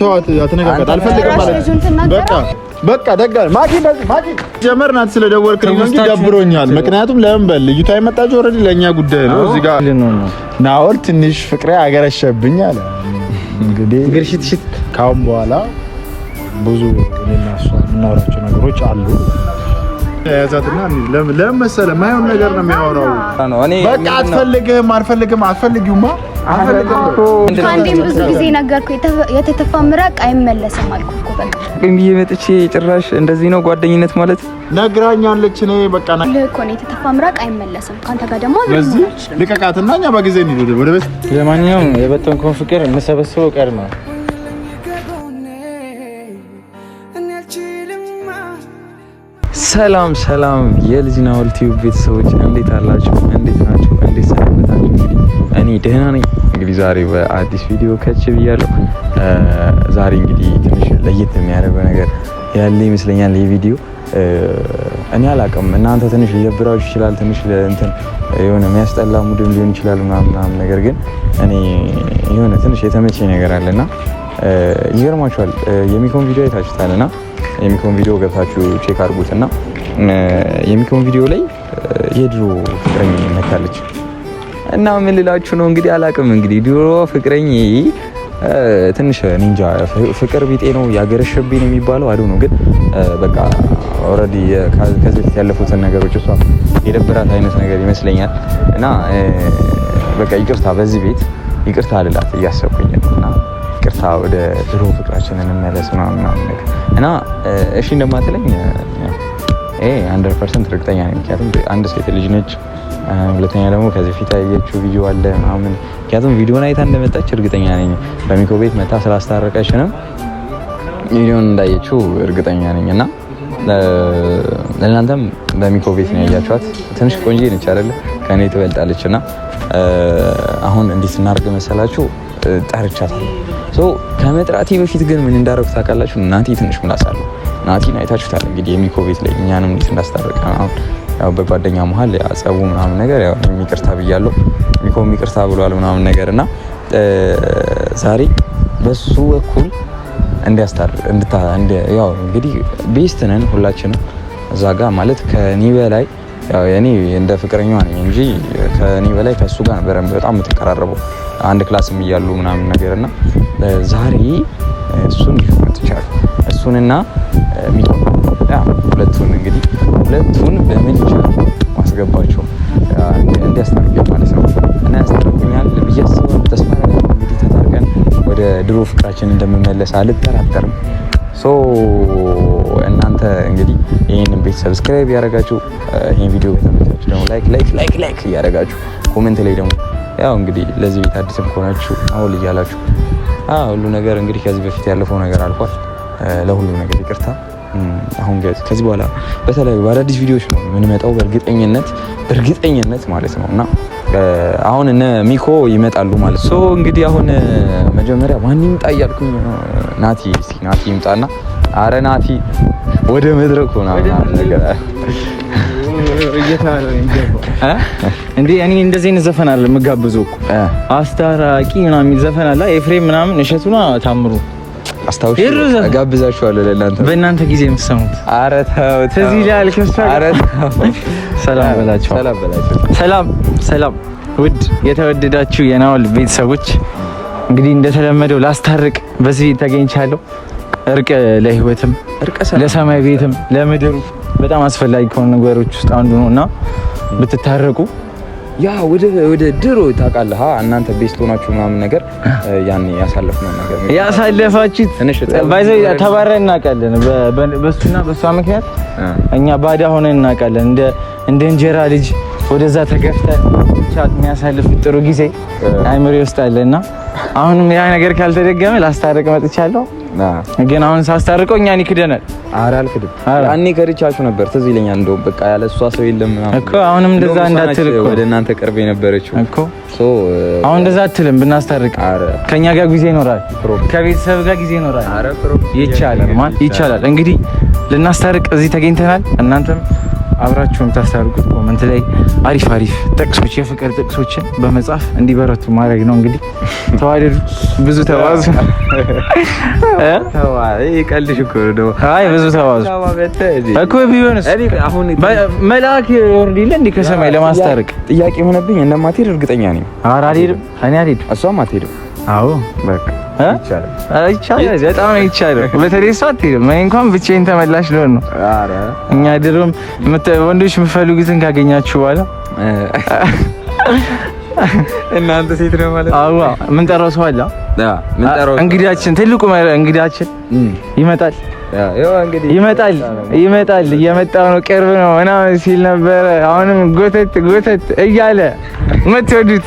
ተዋት፣ አትነጋጋት። አልፈልግም ማለት በቃ በቃ ደጋ ማኪ ማኪ ጀመርናት። ስለደወልክ ነው እንጂ ደብሮኛል። ምክንያቱም ለምን በል ልጅቷ የመጣችው ኦልሬዲ ለእኛ ጉዳይ ነው። እዚህ ጋር ናኦል ትንሽ ፍቅሬ አገረሸብኝ አለ። እንግዲህ ግርሽትሽት ካሁን በኋላ ብዙ እኔና እሷ የምናወራቸው ነገሮች አሉ። ያዛትና ለምን መሰለህ የማይሆን ነገር ነው የሚያወራው። በቃ አትፈልግም፣ አልፈልግም፣ አትፈልጊውማ አንዴም ብዙ ጊዜ ነገርኩ። የተተፋ ምራቅ አይመለስም አልኩ እኮ በቃ። ግን ብዬ መጥቼ ጭራሽ እንደዚህ ነው ጓደኝነት ማለት ነግራኛለች። እኔ በቃ ና ልኮ ነው የተተፋ ምራቅ አይመለስም። ከአንተ ጋር ደግሞ ልቀቃትና እኛ በጊዜ እንሂድ ወደ ቤት። ለማንኛውም የበተንኩን ፍቅር የምሰበስበው ቀድመህ ሰላም ሰላም የልጅ ናሆል ቲዩብ ቤተሰቦች እንዴት አላችሁ? እንዴት ናችሁ? እንዴት ሰነበታችሁ? እንግዲህ እኔ ደህና ነኝ። እንግዲህ ዛሬ በአዲስ ቪዲዮ ከች ብያለሁ። ዛሬ እንግዲህ ትንሽ ለየት የሚያደርገው ነገር ያለ ይመስለኛል። ይህ ቪዲዮ እኔ አላቅም፣ እናንተ ትንሽ ሊደብራችሁ ይችላል። ትንሽ እንትን የሆነ የሚያስጠላ ሙድም ሊሆን ይችላል ምናምን። ነገር ግን እኔ የሆነ ትንሽ የተመቼ ነገር አለና ይገርማችኋል። የሚኮን ቪዲዮ አይታችሁታልና የሚኮን ቪዲዮ ገብታችሁ ቼክ አድርጉት እና የሚኮን ቪዲዮ ላይ የድሮ ፍቅረኝ መታለች እና ምን ልላችሁ ነው እንግዲህ አላቅም። እንግዲህ ድሮ ፍቅረኝ ትንሽ ኒንጃ ፍቅር ቢጤ ነው ያገረሸብኝ የሚባለው አዱ ነው። ግን በቃ ኦልሬዲ ከዚህ በፊት ያለፉትን ነገሮች እሷ የደብራት አይነት ነገር ይመስለኛል እና በቃ ይቅርታ በዚህ ቤት ይቅርታ አልላት እያሰብኩኝ እና ይቅርታ ወደ ድሮ ፍቅራችን እንመለስ ምናምን ነገር እና እሺ እንደማትለኝ ሀንድረድ ፐርሰንት እርግጠኛ ነኝ። ምክንያቱም አንድ ሴት ልጅ ነች፣ ሁለተኛ ደግሞ ከዚህ ፊት ያየችው ቪዲዮ አለ ምናምን። ምክንያቱም ቪዲዮን አይታ እንደመጣች እርግጠኛ ነኝ። በሚኮ ቤት መታ ስላስታረቀችንም ቪዲዮን እንዳየችው እርግጠኛ ነኝ እና ለእናንተም በሚኮ ቤት ነው ያያችኋት። ትንሽ ቆንጆ ነች አይደለ? ከእኔ ትበልጣለች እና አሁን እንዴት እናርግ መሰላችሁ? ጠርቻታለሁ ከመጥራቴ በፊት ግን ምን እንዳደረጉ ታውቃላችሁ? ናቲ ትንሽ ምላስ አለው። ናቲን አይታችሁታል እንግዲህ የሚኮ ቤት ላይ እኛንም እንዴት እንዳስታረቀ ያው በጓደኛ መሀል ጸቡ ምናምን ነገር ያው ይቅርታ ብያለሁ፣ ሚኮም ብሏል ምናምን ነገር እና ዛሬ በሱ በኩል እንዲያስታር ያው እንግዲህ ቤስት ነን ሁላችንም እዛ ጋር ማለት ከኔ በላይ ያው እኔ እንደ ፍቅረኛ ነኝ እንጂ ከኔ በላይ ከሱ ጋር ነበረ በጣም የምትቀራረበው አንድ ክላስም እያሉ ምናምን ነገር እና ዛሬ እሱን ሊፈት ይቻሉ እሱንና ሚኪን ሁለቱን እንግዲህ ሁለቱን በምልጃ ማስገባቸው እንዲያስታርቅ ማለት ነው እና ያስታርቁኛል ብዬ አስባለሁ። ተስፋ እንግዲህ ተታርቀን ወደ ድሮ ፍቅራችን እንደምመለስ አልጠራጠርም። ሶ እናንተ እንግዲህ ይህንን ቤት ሰብስክራይብ እያደረጋችሁ ይህን ቪዲዮ ከተመቻችሁ ደግሞ ላይክ ላይክ ላይክ ላይክ እያደረጋችሁ ኮሜንት ላይ ደግሞ ያው እንግዲህ ለዚህ ቤት አዲስም ከሆናችሁ አሁን እያላችሁ ሁሉ ነገር እንግዲህ ከዚህ በፊት ያለፈው ነገር አልፏል። ለሁሉም ነገር ይቅርታ። አሁን ከዚህ በኋላ በተለያዩ በአዳዲስ ቪዲዮዎች ነው የምንመጣው፣ በእርግጠኝነት በእርግጠኝነት ማለት ነው እና አሁን እነ ሚኮ ይመጣሉ ማለት ነው። እንግዲህ አሁን መጀመሪያ ማን ይምጣ እያልኩኝ ናቲ ናቲ ይምጣና አረ ናቲ ወደ መድረክ ሆና ነገር እንዴ እኔ እንደዚህ አይነት ዘፈን አለ የምጋብዙ እኮ አስታራቂ ና የሚል ዘፈን አለ። ኤፍሬም ምናምን እሸቱና ታምሩ አስታውሽ እጋብዛችኋለሁ። ለእናንተ በእናንተ ጊዜ የምትሰሙት። ኧረ ተው ትዝ ይላል። ከእሷ ሰላም በላቸው፣ ሰላም በላቸው። ሰላም ሰላም። ውድ የተወደዳችሁ የናወል ቤተሰቦች እንግዲህ እንደተለመደው ላስታርቅ በዚህ ተገኝቻለሁ። እርቅ ለህይወትም ለሰማይ ቤትም ለምድር በጣም አስፈላጊ ከሆኑ ነገሮች ውስጥ አንዱ ነው እና ብትታረቁ ያ ወደ ወደ ድሮ ታውቃለህ፣ እናንተ ቤስት ሆናችሁ ምናምን ነገር ያን ያሳለፍነው ነገር ያሳለፋችሁት ባይዘ ተባራ እናውቃለን። በሱና በሷ ምክንያት እኛ ባዳ ሆነን እናውቃለን። እንደ እንደ እንጀራ ልጅ ወደዛ ተገፍተ ቻት የሚያሳልፍ ጥሩ ጊዜ አይምሮ አለና አሁንም ያ ነገር ካልተደገመ ላስታረቅ መጥቻለሁ። ግን አሁን ሳስታርቀው እኛን ይክደናል። ኧረ አልክድም። ያኔ ከርቻችሁ ነበር ትዝ ይለኛል። እንደው በቃ ያለ እሷ ሰው የለም እኮ። አሁንም እንደዛ እንዳትልቅ ወደ እናንተ ቅርብ የነበረችው እኮ። አሁን እንደዛ አትልም። ብናስታርቅ ከእኛ ጋር ጊዜ ይኖራል፣ ከቤተሰብ ጋር ጊዜ ይኖራል። ይቻላል፣ ይቻላል። እንግዲህ ልናስታርቅ እዚህ ተገኝተናል። እናንተም አብራችሁም ታስታርጉት። ኮመንት ላይ አሪፍ አሪፍ ጥቅሶች የፍቅር ጥቅሶችን በመጻፍ እንዲበረቱ ማድረግ ነው። እንግዲህ ተዋደዱ፣ ብዙ ተባዙ። አይ ብዙ ተባዙ እኮ ቢሆንስ መልአክ ይወርድልህ እንዴ ከሰማይ ለማስታረቅ። ጥያቄ የሆነብኝ እንደማትሄድ እርግጠኛ ነኝ። ኧረ አልሄድም፣ እኔ አልሄድም፣ እሷም አትሄድም። አዎ በቃ ይቻላል፣ በጣም ይቻላል። በተለይ እሷ አትሄድም። እኔ እንኳን ብቻዬን ተመላሽ ልሆን ነው። እኛ ድሮም ወንዶች የምፈልጉትን ካገኛችሁ በኋላ እናንተ ሴት ነው ማለት አዋ ምን ጠራው ሰው አለ እንግዳችን ትልቁ እንግዳችን ይመጣል ይመጣል ይመጣል እየመጣ ነው ቅርብ ነው ምናምን ሲል ነበረ። አሁንም ጎተት ጎተት እያለ የምትወዱት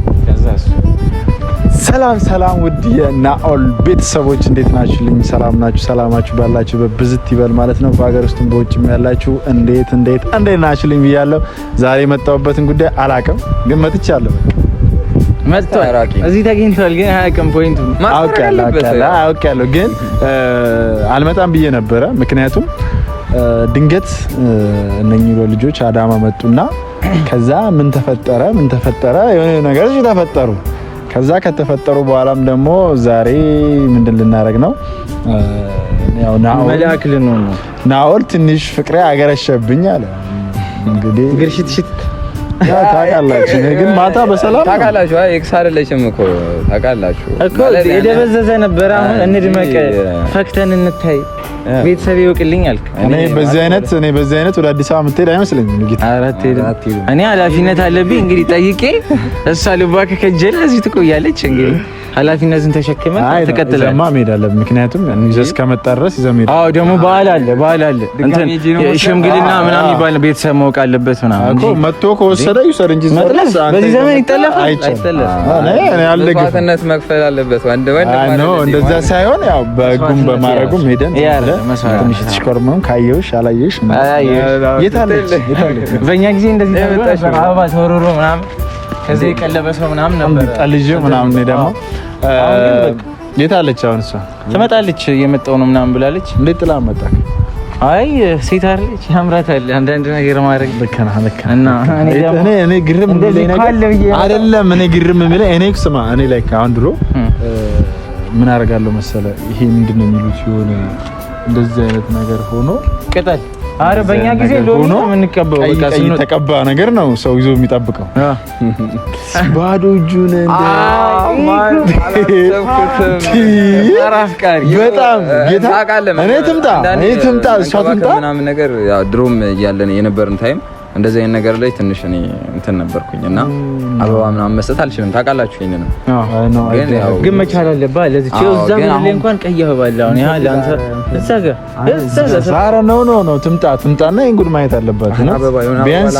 ሰላም ሰላም፣ ውድ የናኦል ቤተሰቦች እንዴት ናችሁልኝ? ሰላም ናችሁ? ሰላማችሁ ባላችሁ በብዝት ይበል ማለት ነው። በሀገር ውስጥም በውጭም ያላችሁ እንዴት እንዴት እንዴት ናችሁልኝ ብያለሁ። ዛሬ የመጣሁበትን ጉዳይ አላቅም፣ ግን መጥቻለሁ። መጥቷል፣ እዚህ ተገኝቷል፣ ግን አያውቅም። ፖይንቱ አውቄያለሁ፣ ግን አልመጣም ብዬ ነበረ። ምክንያቱም ድንገት እነኚህ ልጆች አዳማ መጡና ከዛ ምን ተፈጠረ ምን ተፈጠረ የሆነ ነገር ተፈጠሩ ከዛ ከተፈጠሩ በኋላም ደግሞ ዛሬ ምንድን ልናደርግ ነው? ናኦል ትንሽ ፍቅሬ አገረሸብኝ አለ እንግዲህ ታውቃላችሁ። እኔ ግን ማታ በሰላም ታውቃላችሁ። አይ ኤክስ አይደለሽም እኮ ታውቃላችሁ እኮ የደበዘዘ ነበር። አሁን እንድመቅ ፈክተን እንታይ ቤተሰብ ይወቅልኝ አልክ። እኔ በዚህ አይነት እኔ በዚህ አይነት ወደ አዲስ አበባ የምትሄድ አይመስለኝም። ንግት አራት እኔ ኃላፊነት አለብኝ እንግዲህ ጠይቄ እሷ ልባከ ከጀለ እዚህ ትቆያለች እንግዲህ ኃላፊነትን ተሸክመ ተቀጥለህ መሄድ አለብህ። ምክንያቱም ይዘህ እስከመጣ ድረስ ይዘህ መሄድ። አዎ ደግሞ በዓል አለ፣ በዓል አለ፣ ሽምግልና ምናምን ይባል፣ ቤተሰብ ማወቅ አለበት ምናምን እኮ መጥቶ ከወሰደ ይውሰድ እንጂ በዚህ ዘመን ይጠለፋል አይጠለፍም። መክፈል አለበት። ወንድ ማለት ነው። እንደዛ ሳይሆን ያው በህጉም በማድረጉም ሄደን ትንሽ ትሽኮርመም ካየሁሽ አላየሁሽ የታለች በእኛ ጊዜ እንደዚህ አበባ ተወርሮ ምናምን ከዚህ የቀለበ ሰው ምናምን ነበር ጠልጅ ምናምን ደግሞ የት አለች? አሁን እሷ ትመጣለች። የመጣው ነው ምናምን ብላለች። እንዴት ጥላ መጣ? አይ ሴት አለች፣ ያምራታል። አንዳንድ ነገር ማድረግ ልክ ነህ፣ ልክ ነህ። እና እኔ እኔ ግርም አይደለም እኔ ግርም የሚለኝ እኔ ስማ፣ እኔ ላይ አሁን ድሮ ምን አደርጋለሁ መሰለህ፣ ይሄ ምንድን ነው የሚሉት የሆነ እንደዚህ አይነት ነገር ሆኖ ቅጠል አረ በእኛ ጊዜ ሆኖ የምንቀበው ተቀባ ነገር ነው። ሰው ይዞ የሚጠብቀው ባዶ እጁን በጣም ጌታ እኔ ትምጣ እኔ ትምጣ እሷ ትምጣ ምናምን ነገር ድሮም እያለን የነበርን ታይም እንደዚህ አይነት ነገር ላይ ትንሽ እኔ እንትን ነበርኩኝ እና አበባ ምናምን መስጠት አልችልም። ታውቃላችሁ ይሄንን ነው። ግን መቻል አለብህ። ለዚህ ቼው እዛ ላይ እንኳን ቀይ አበባ አለ። አሁን ያ ላንተ እዛ ጋር እዛ ጋር ኖ ኖ ትምጣ ትምጣና ይሄን ጉድ ማየት አለባት። ቢያንስ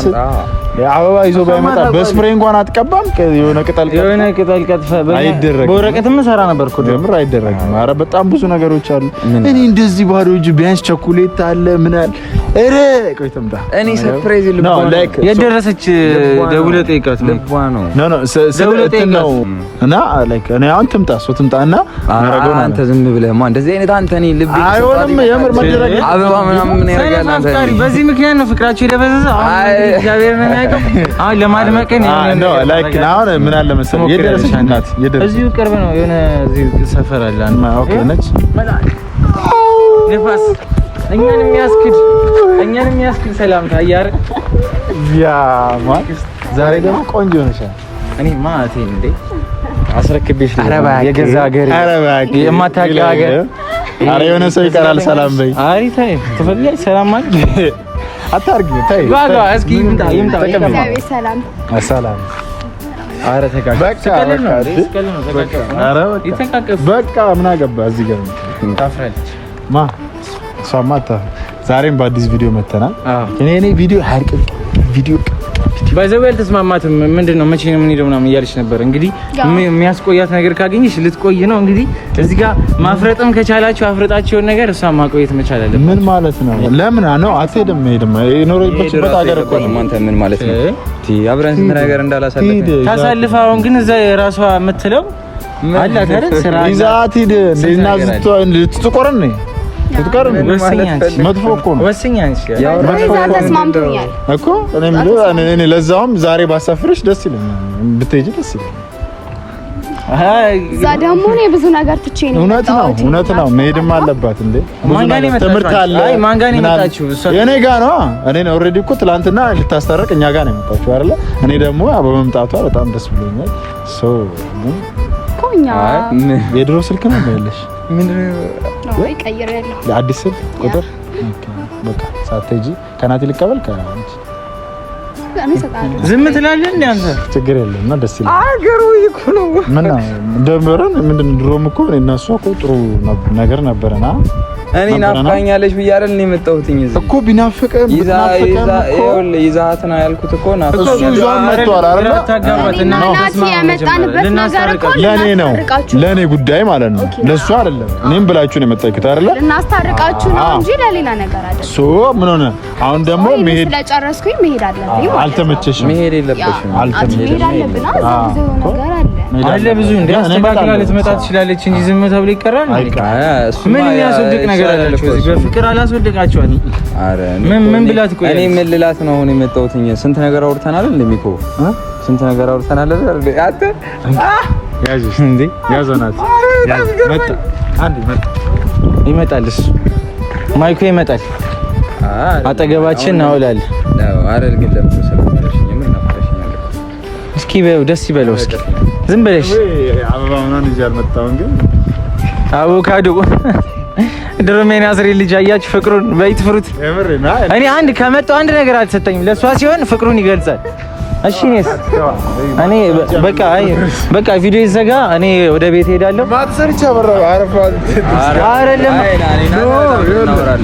አበባ ይዞ ባይመጣ በስፕሬ እንኳን አትቀባም። የሆነ ቅጠል የሆነ ቅጠል ቀጥፈ አይደረግም። በወረቀትም ሰራ ነበርኩ ጀምር አይደረግም። ኧረ በጣም ብዙ ነገሮች አሉ። እኔ እንደዚህ ባዶ እጅ ቢያንስ ቸኮሌት አለ ምን አለ። ኧረ ቆይ ትምጣ እኔ ሰርፕራይዝ የደረሰች ደውለ ጠይቃት ነው ነው እና እኔ አሁን ትምጣ እሱ ትምጣ እና ማረገው አንተ ዝም ብለህ እንደዚህ አይነት አንተ እኔ ልብ አይሆንም። የምር መደረግ አበባ ምናምን ያደርጋል በዚህ ምክንያት ነው ፍቅራቸው የደበዘዘ። እግዚአብሔር ምን አይቀር አሁን ለማድመቅ አሁን ምን አለ መሰለኝ የደረሰች እናት እዚሁ ቅርብ ነው የሆነ እዚህ ሰፈር አለ አንተ ነች ነፋስ እኛን የሚያስክድ እኛን የሚያስክድ ሰላምታ ያር ያ ማክስ ዛሬ ደግሞ ቆንጆ ነሽ። እኔ ማቴ እንዴ አስረክቤሽ የገዛ ሀገር የማታውቂው ሀገር ኧረ የሆነ ሰው ይቀራል። ሰላም በይ። አይ ተይ ትፈልጊያለሽ? ሰላም ማለት አታርጊ። ተይ ባጋ እስኪ ይምጣ ይምጣ። ሰላም ሰላም አረ ተቃቀፍ በቃ ምን አገባ እዚህ ጋር ታፍራለች ማ እሷማ ዛሬም በአዲስ ቪዲዮ መተናል። እኔ እኔ ቪዲዮ አያልቅም ቪዲዮ ባይዘው ያልተስማማትም ምንድን ነው መቼ ነው የምንሄደው ምናምን እያለች ነበር። እንግዲህ የሚያስቆያት ነገር ካገኘሽ ልትቆይ ነው። እንግዲህ እዚህ ጋር ማፍረጥም ከቻላችሁ አፍረጣችሁን ነገር እሷ ማቆየት መቻል አለበት። ምን ማለት ነው? ለምን ነው አትሄድም? ሄድም የኖረችበት ሀገር እኮ ነው። አንተ ምን ማለት ነው? አብረን ስንት ነገር እንዳላሳለፍ ታሳልፍ። አሁን ግን እዛ የራሷ የምትለው አላት አይደል? ስራ ይዛት ሂድ ልትቆረን ነው ትቀርም ነው። ለዛውም ዛሬ ባሳፍርሽ ደስ ይለኛል፣ ብትሄጂ ደስ እዛ ደግሞ እኔ ብዙ ነገር ትቼ ነው። እውነት ነው፣ እውነት ነው። መሄድም አለባት እንዴ ትምህርት አለ። እኔ ነው። እኔ ኦልሬዲ እኮ ልታስታረቅ እኛ ነው የመጣችሁ አይደለ? እኔ ደግሞ በመምጣቷ በጣም ደስ ብሎኛል። ሶ የድሮ ስልክ ነው ያለሽ አዲስ ስልክ ቁጥር በቃ ሳትሄጂ ከናቲ ልቀበል ዝም ትላለህ አንተ ችግር የለም እና ደስ ይላል። አገሩ እኮ ነው ምን እንደምረን ምንድን ድሮም እኮ እኔ እና እሷ እኮ ጥሩ ነገር ነበረና እኔ ናፍቃኛለች ብዬሽ አይደል እኔ የመጣሁት እዚህ እኮ ቢናፍቅም ብትናፍቅም ይዛት ነው ያልኩት እኮ ናፍቃኛለች ለእኔ ነው ለእኔ ጉዳይ ማለት ነው ለእሱ አይደለም እኔም ብላችሁ ነው የመጣችሁት አይደለ እናስታርቃችሁ ነው እንጂ ለሌላ ነገር አይደለም ሶ ምን ሆነ አሁን ደግሞ መሄድ ስለጨረስኩኝ መሄድ አለብኝ አልተመቸሽም መሄድ የለበሽም አልተመቸሽም መሄድ አለብና እዛ ነገር አለ አለ ብዙ እንደ አስተካክላ ልትመጣ ትችላለች እንጂ ዝም ተብሎ ይቀራል። ምን የሚያስወድቅ ነገር አለ? በፍቅር አላስወድቃቸዋል። ምን ምን ብላት? ቆይ እኔ ምን ልላት ነው አሁን የመጣሁት? ስንት ነገር አውርተናል። እንደሚኮ ስንት ነገር አውርተናል። አንተ ያዥሽ እንዴ ያዘናት መጣ አንዴ መጣ ይመጣል። እሱ ማይኮ ይመጣል። አጠገባችን እናውላለን። አረ ግን ለምን ሰላም አለሽ? ምን ናፍቀሽኛል? እስኪ በይው፣ ደስ ይበለው እስኪ ዝም ብለሽ አበባ ምናምን ይዤ አልመጣሁም፣ ግን አቮካዶ ድሮሜና ስሪ ልጅ አያችሁ ፍቅሩን በይት ፍሩት። እኔ አንድ ከመጣሁ አንድ ነገር አልሰጠኝም። ለእሷ ሲሆን ፍቅሩን ይገልጻል። እሺ እኔስ እኔ በቃ አይ በቃ ቪዲዮ ይዘጋ። እኔ ወደ ቤት እሄዳለሁ ማትሰርቻ በራ አረፋ አይደለም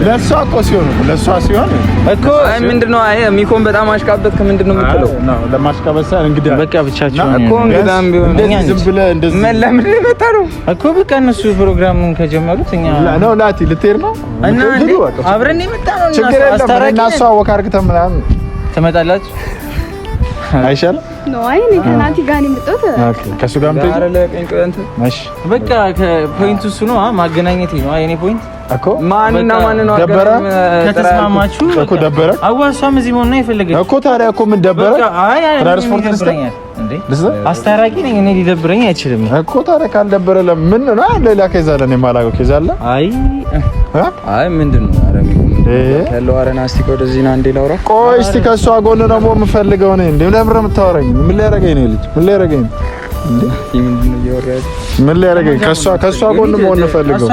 ለሷ እኮ ሲሆን ለሷ ሲሆን እኮ አይ ምንድነው አይ ሚኮን በጣም አሽቃበት ከምንድነው የምትለው? ለማሽቃበት ሳይሆን እንግዲህ በቃ ብቻቸው እኮ እንግዳም ቢሆን ዝም ብለህ እንደዚህ ለምን ልመጣ ነው እኮ በቃ እነሱ ፕሮግራሙን ከጀመሩት እኛ ነው ላቲ ልትሄድ ነው እና አብረን የመጣ ነው እና አስተራቂ እና እሷ ወካ ትመጣላችሁ አይሻልም? አይ ነው የምትወት። በቃ ፖይንቱ እሱ ነው። ማገናኘቴ ነው። አይ ፖይንት እኮ ማንና ማን ነው? ደበረ ከተስማማችሁ እኮ ደበረ። እሷም እዚህ መሆን ነው የፈለገችው እኮ። ታዲያ እኮ ምን ደበረ? ትራንስፖርት ልስጠኝ አስታራቂ ነኝ እኔ ሊደብረኝ አይችልም እኮ። ታዲያ ካልደበረ ለምን ነው አይ ሌላ ከዛ ለኔ የማላውቀው ከዛ አለ? አይ አይ ምንድን ነው ያለው? ኧረ ና ወደዚህ ና እንዴ ላውራ። ቆይ እስኪ ከእሷ ጎን ደግሞ የምፈልገው ነኝ እንዴ ለምረ የምታወራኝ ምን ሊያደርገኝ ነው ልጅ? ምን ሊያደርገኝ ነው? ምን ሊያደርገኝ ከእሷ ጎን መሆን የምፈልገው።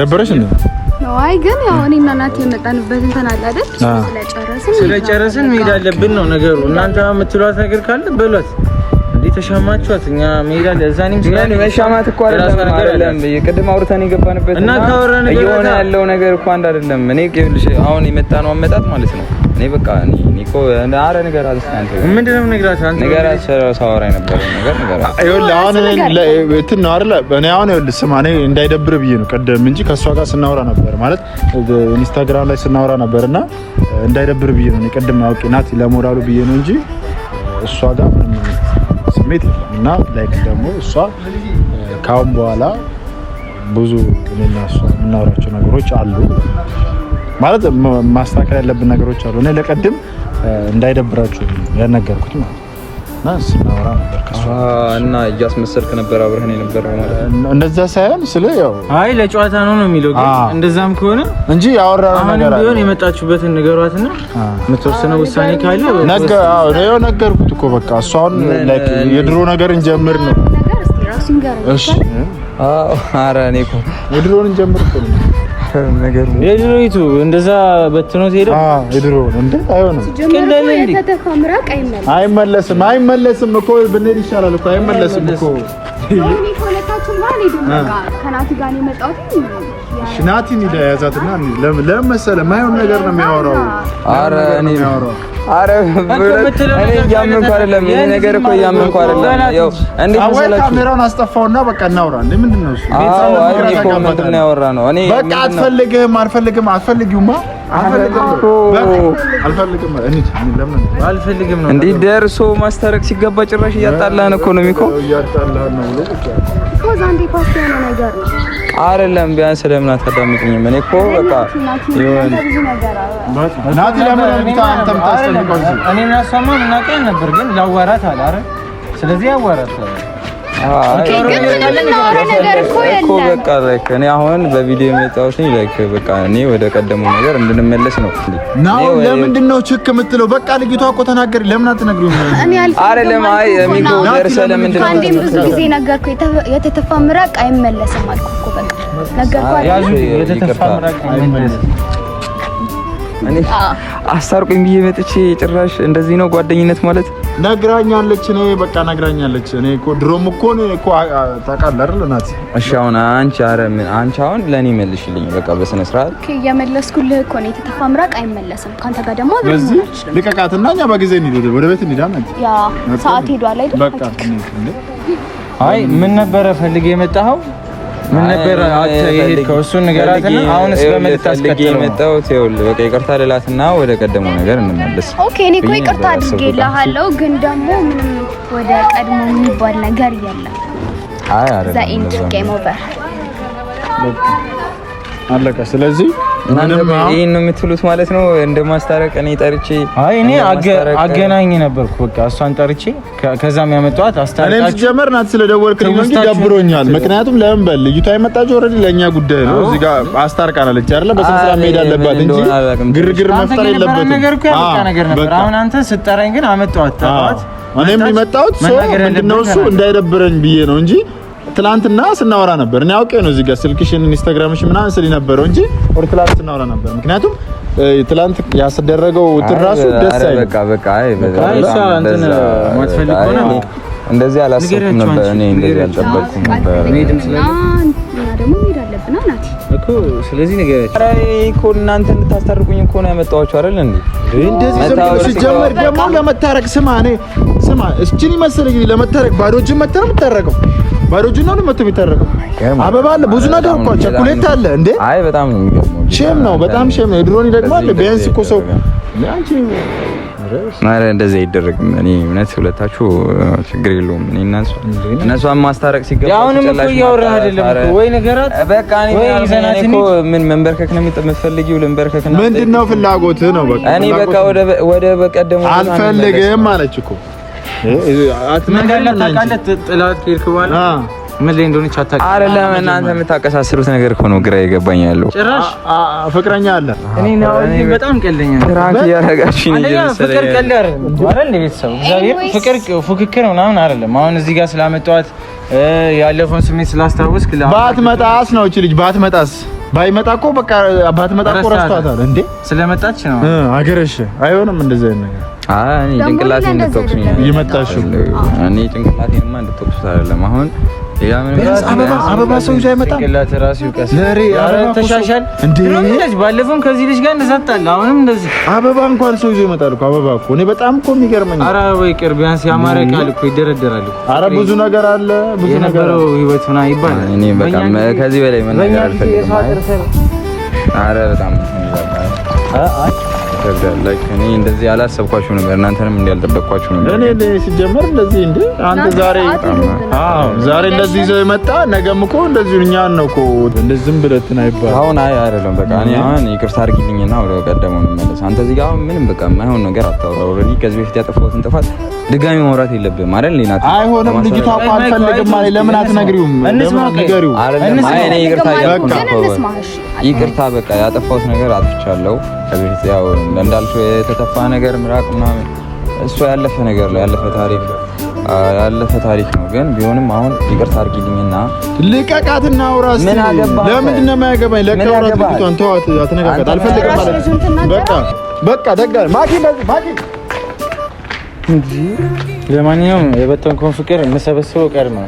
ደበረሽ እንዴ? አይ ግን ያው እኔ እና እናቴ የመጣንበት እንትን አለ አይደል? ስለጨረስን ስለጨረስን መሄድ አለብን ነው ነገሩ። እናንተ የምትሏት ነገር ካለ በሏት። እንዴ ተሻማችኋት? እኛ መሄድ አለ እዛንም ስለሆነ መሻማት እኮ አይደለም አይደለም፣ ቅድም አውርተን የገባንበት እና ካወራን ነገር ያለው ነገር እኮ አንድ አይደለም። እኔ ይኸውልሽ አሁን የመጣነው አመጣጥ ማለት ነው እኔ በቃ ኒኮ አረ ኧረ ንገራት እስኪ አንተ ምንድን ነው የምነግራት? አንተ ንገራት። ነገር ንገራት። ይኸውልህ አሁን ነው አይደለ? እኔ አሁን ይኸውልህ ስማ፣ እኔ እንዳይደብር ብዬ ነው ቀደም እንጂ ከእሷ ጋር ስናወራ ነበር ማለት ኢንስታግራም ላይ ስናወራ ነበር እና እንዳይደብር ብዬ ነው ቀደም አውቄ ናት ለሞራሉ ብዬ ነው እንጂ እሷ ጋር ምንም ስሜት የለም እና ላይክ ደግሞ እሷ ከአሁን በኋላ ብዙ እኔና እሷ የምናወራቸው ነገሮች አሉ ማለት ማስተካከል ያለብን ነገሮች አሉ። እኔ ለቀድም እንዳይደብራችሁ ያነገርኩት ማለት ነው እና ስናወራ ነበር እና እያስመሰልክ ነበር አብረህን የነበረው ማለት ነው። እንደዛ ሳይሆን ስለ ያው አይ ለጨዋታ ነው ነው የሚለው ግን እንደዛም ከሆነ እንጂ ያወራነው ነገር አለ። ቢሆን የመጣችሁበትን ንገሯትና የምትወስነው ውሳኔ ካለ ነገ አዎ ነው ነገርኩት እኮ በቃ እሷን ላይክ የድሮ ነገር እንጀምር ነው። እሺ አዎ ኧረ እኔ እኮ የድሮን እንጀምር እኮ ነው ነገር የድሮይቱ እንደዛ በትኖ ሲሄድ የድሮ እንዴ አይሆንም። አይመለስም፣ አይመለስም እኮ ብንሄድ ይሻላል እኮ አይመለስም እኮ ናቲን ይያዛትና ለምን ለምን መሰለህ የማይሆን ነገር ነው የሚያወራው። ኧረ እኔ ኧረ እኔ እያመንኩ አይደለም። ይሄ ነገር እኮ እያመንኩ አይደለም። ያው እንዴት መሰላችሁ፣ ካሜራውን አስጠፋውና በቃ እናውራ እንዴ። ምንድን ነው እሱ? አዎ አይ እኮ ምንድን ነው ያወራነው? እኔ በቃ አትፈልግህም፣ አልፈልግም፣ አትፈልጊውማ አልፈልግም ነው እንዴ? ደርሶ ማስታረቅ ሲገባ ጭራሽ እያጣላን እኮ ነው የሚኮ አይደለም። ቢያንስ ለምን አታዳምቅኝም? እኔ እኮ በቃ ይሁን ናቲ፣ ለምን አንተ አንተም ታስተምቀኝ ነበር ግን ላዋራት አለ። ስለዚህ ያዋራት እኔ አሁን በቪዲዮ የመጣሁት በቃ እኔ ወደ ቀደመው ነገር እንድንመለስ ነው። ለምንድን ነው ችክ የምትለው? በቃ ልጅቷ እኮ ተናገር። ለምን ብዙ ጊዜ የተተፋ ምራቅ አይመለስም አስታርቁኝ ብዬ መጥቼ ጭራሽ እንደዚህ ነው ጓደኝነት ማለት ነግራኛለች። እኔ በቃ ነግራኛለች። እኔ እኮ ድሮም እኮ ነው እኮ ታውቃለህ አይደል እናት። እሺ አሁን አንቺ ኧረ ምን አንቺ አሁን ለኔ መልሽልኝ በቃ በስነ ስርዓት። ኦኬ እየመለስኩልህ እኮ ነው። የተተፋ ምራቅ አይመለስም። ካንተ ጋር ደግሞ በዚህ ልቀቃትና እኛ በጊዜ እንሂድ፣ ወደ ቤት እንሂድ። አናት ያ ሰዓት ሄዷል አይደል? በቃ አይ ምን ነበረ ፈልጌ የመጣኸው ምን ነበር አትሄድከው? እሱን ንገራትና አሁንስ በምን ልታስቀጥለው የመጣሁት? ይኸውልህ በቃ ይቅርታ ልላትና ወደ ቀደመው ነገር እንመለስ። ኦኬ፣ እኔ እኮ ይቅርታ አድርጌልሃለሁ፣ ግን ደግሞ ምንም ወደ ቀድሞ የሚባል ነገር የለም። አይ አይደለም አለቀ። ስለዚህ ይሄን ነው የምትሉት ማለት ነው? እንደ ማስታረቅ እኔ ጠርቼ አይ እኔ አገናኝ ነበርኩ። በቃ እሷን ጠርቼ ከዛም ያመጣኋት አስታረቃችሁ። እኔም ሲጀመር ናት ስለደወልክልኝ ነው እንጂ ደብሮኛል። ምክንያቱም ለምን በል ልጅቷ የመጣችው ኦልሬዲ ለእኛ ጉዳይ ነው። እዚህ ጋር አስታርቃናለች አይደለ? በስነ ስርዓት መሄድ አለባት እንጂ ግርግር መፍጠር የለበትም። ነገር እኮ ያበቃ ነገር ነበር። አሁን አንተ ስጠራኝ ግን አመጣኋት። እኔም የመጣሁት ሰው ምንድን ነው እሱ እንዳይደብረኝ ብዬ ነው እንጂ ትላንትና ስናወራ ነበር። እኔ አውቄ ነው እዚህ ጋር ስልክሽን፣ ኢንስታግራምሽ ምናምን ስል ነበረው እንጂ ኦር ትላንት ስናወራ ነበር። ምክንያቱም ትላንት ያስደረገው ትራሱ ደስ አይልም። በቃ በቃ አይ እንደዚህ አላሰብኩም ነበር። እኔ እንደዚህ አልጠበቅኩም ነበር። ስለዚህ ነገር እኮ እናንተ እንድታስታርቁኝ እኮ ነው ያመጣኋቸው አይደል እንዴ? እንደዚህ ሲጀመር ደግሞ ለመታረቅ ስማ፣ እኔ ስማ፣ እችን ይመስለኝ ለመታረቅ ባዶ እጅን መተህ ነው የምታረቀው ባዶጁ ነው መጥቶ የሚታረቀው። አበባ አለ፣ ብዙ ነገር እኮ ቸኩሌት አለ እንዴ! አይ በጣም ነው የሚገርመው። ሼም ነው በጣም ሼም ነው። ድሮን ይደግማል። ቢያንስ እኮ ሰው ማረ እንደዚህ አይደረግም። እኔ እውነት ሁለታችሁ ችግር የለውም። እኔ እና እሷ እነሷን ማስታረቅ ሲገባ አሁንም እኮ እያወራህ አይደለም እኮ ወይ ነገራት በቃ እኔ እኮ ምን መንበርከክ ነው የምትፈልጊው? ልንበርከክ ነው ምንድነው ፍላጎት ነው። በቃ እኔ በቃ ወደ ወደ በቀደሙ አልፈልግም አለች እኮ ምን ላይ እንደሆነች አታውቅም አይደለም። እናንተ የምታቀሳስሩት ነገር እኮ ነው ግራ የገባኝ ያለው። ጭራሽ ፍቅረኛ አለ። እኔ በጣም ቀልደኛ ፍራክ ያረጋችኝ ነው ፍቅር ፉክክር ምናምን አይደለም። አሁን እዚህ ጋር ስላመጣኋት ያለፈውን ስሜት ስላስታወስክ ባትመጣስ ነው እቺ ልጅ ባትመጣስ ባይመጣ እኮ በቃ ባትመጣ እኮ ረስቷታል እንዴ። ስለመጣች ነው አገረሽ። አይሆንም እንደዚህ አይነት ነገር እኔ ጭንቅላቴ እንድትወቅሱኝ የመጣሽው እኔ ጭንቅላቴንማ እንድትወቅሱት አይደለም። አሁን አበባ ሰው ይዞ አይመጣም። ባለፈውም ከዚህ ልጅ ጋር እንሰጣለን። አሁንም እንደዚህ አበባ እንኳን ሰው ይዞ ይመጣል እኮ አበባ እኮ እኔ በጣም እኮ የሚገርመኝ። ኧረ አበባ ይቅር፣ ቢያንስ ያማረ እኮ ይደረደራል እኮ። ኧረ ብዙ ነገር አለ፣ ብዙ ነገር ህይወት ሆና ይባላል። እኔ በጣም ከዚህ በላይ መናገር አልፈልግም። ኧረ በጣም እኔ እንደዚህ አላሰብኳችሁ ነበር፣ እናንተንም እንዲህ አልጠበቅኳችሁ ነበር። እኔ ሲጀመር እንደዚህ እንደ አንተ ዛሬ አዎ፣ ዛሬ እንደዚህ ይዘው የመጣ ነገም እኮ እንደዚህ እኛን ነው እኮ እንደዚህ ዝም ብለህ እንትን አይባልም። አሁን አይ አይደለም፣ በቃ እኔ አሁን ይቅርታ አድርጊልኝና ወደ ቀደመው እንመለስ። አንተ እዚህ ጋር አሁን ምንም በቃ የማይሆን ነገር አታውራ። ኦልሬዲ ከዚህ በፊት ያጠፋሁትን ጥፋት ድጋሚ ማውራት የለብህም አይደል? ሌላ አይሆንም። ልጅቷ እኮ አልፈልግም ማለት ለምን አትነግሪውም? ንገሪው። ይቅርታ በቃ ያጠፋሁት ነገር አጥፍቻለሁ። ከቤት ያው እንዳልሽው የተተፋ ነገር ምራቅ ምናምን እሱ ያለፈ ነገር ላይ ያለፈ ታሪክ ያለፈ ታሪክ ነው። ግን ቢሆንም አሁን ይቅርታ አድርጊልኝና ልቀቃትና አውራስ። ምን አገባ? ለምንድን ነው የማያገባኝ? ለካ አውራት ልጅቷን ተዋት፣ አትነጋገር። አልፈልግም ማለት በቃ በቃ ደጋ ማኪ ማኪ ለማንኛውም የበተንከውን ፍቅር የምሰበስበው ቀድመ